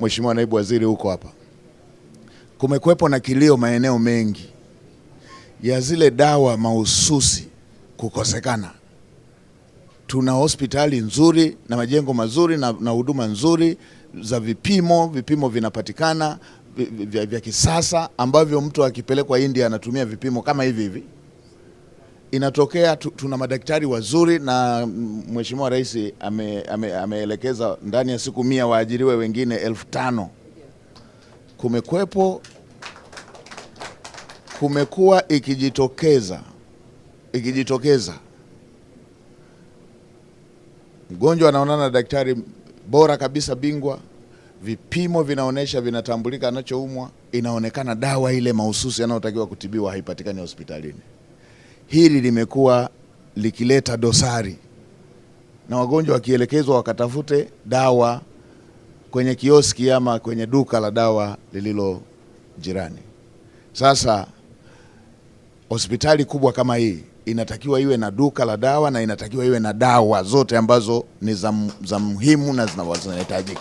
Mheshimiwa Naibu Waziri, huko hapa kumekuwepo na kilio maeneo mengi ya zile dawa mahususi kukosekana. Tuna hospitali nzuri na majengo mazuri na huduma nzuri za vipimo, vipimo vinapatikana vya, vya kisasa ambavyo mtu akipelekwa India anatumia vipimo kama hivi hivi inatokea tu, tuna madaktari wazuri na Mheshimiwa Rais ameelekeza ame, ndani ya siku mia waajiriwe wengine elfu tano. Kumekwepo, kumekuwa ikijitokeza ikijitokeza mgonjwa anaonana na daktari bora kabisa bingwa, vipimo vinaonyesha, vinatambulika anachoumwa, inaonekana dawa ile mahususi anayotakiwa kutibiwa haipatikani hospitalini hili limekuwa likileta dosari, na wagonjwa wakielekezwa wakatafute dawa kwenye kioski ama kwenye duka la dawa lililo jirani. Sasa hospitali kubwa kama hii inatakiwa iwe na duka la dawa na inatakiwa iwe na dawa zote ambazo ni za muhimu na zinahitajika.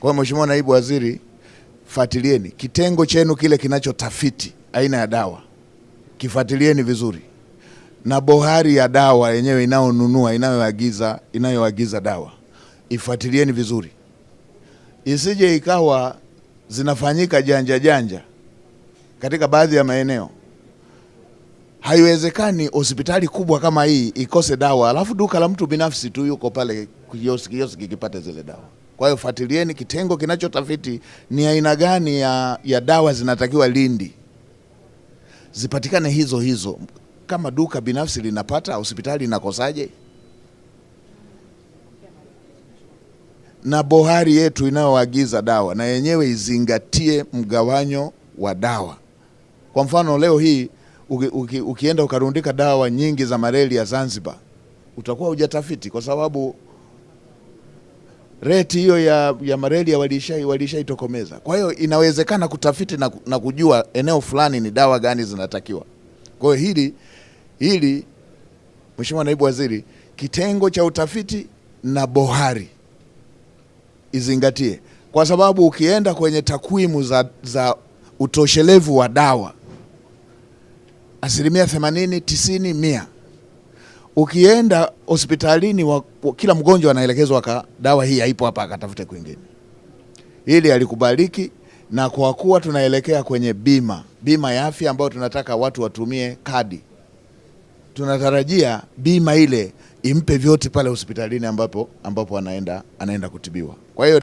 Kwa hiyo, Mheshimiwa Naibu Waziri, fuatilieni kitengo chenu kile kinachotafiti aina ya dawa kifuatilieni vizuri, na bohari ya dawa yenyewe inayonunua inayoagiza inayoagiza dawa ifuatilieni vizuri, isije ikawa zinafanyika janja janja katika baadhi ya maeneo. Haiwezekani hospitali kubwa kama hii ikose dawa, alafu duka la mtu binafsi tu yuko pale kioski kioski kipate zile dawa. Kwa hiyo fuatilieni kitengo kinachotafiti ni aina gani ya, ya dawa zinatakiwa Lindi zipatikane hizo hizo. Kama duka binafsi linapata, hospitali inakosaje? Na bohari yetu inayoagiza dawa na yenyewe izingatie mgawanyo wa dawa. Kwa mfano leo hii uki, uki, ukienda ukarundika dawa nyingi za malaria ya Zanzibar utakuwa hujatafiti kwa sababu reti hiyo ya, ya malaria walishaitokomeza. Kwa hiyo inawezekana kutafiti na, na kujua eneo fulani ni dawa gani zinatakiwa. Kwa hiyo hili hili, Mheshimiwa Naibu Waziri, kitengo cha utafiti na bohari izingatie, kwa sababu ukienda kwenye takwimu za, za utoshelevu wa dawa asilimia 80 90 100 Ukienda hospitalini wa, wa, kila mgonjwa anaelekezwa ka dawa hii haipo hapa, akatafute kwingine. Ili alikubaliki, na kwa kuwa tunaelekea kwenye bima bima ya afya ambayo tunataka watu watumie kadi, tunatarajia bima ile impe vyote pale hospitalini ambapo ambapo anaenda anaenda kutibiwa. Kwa hiyo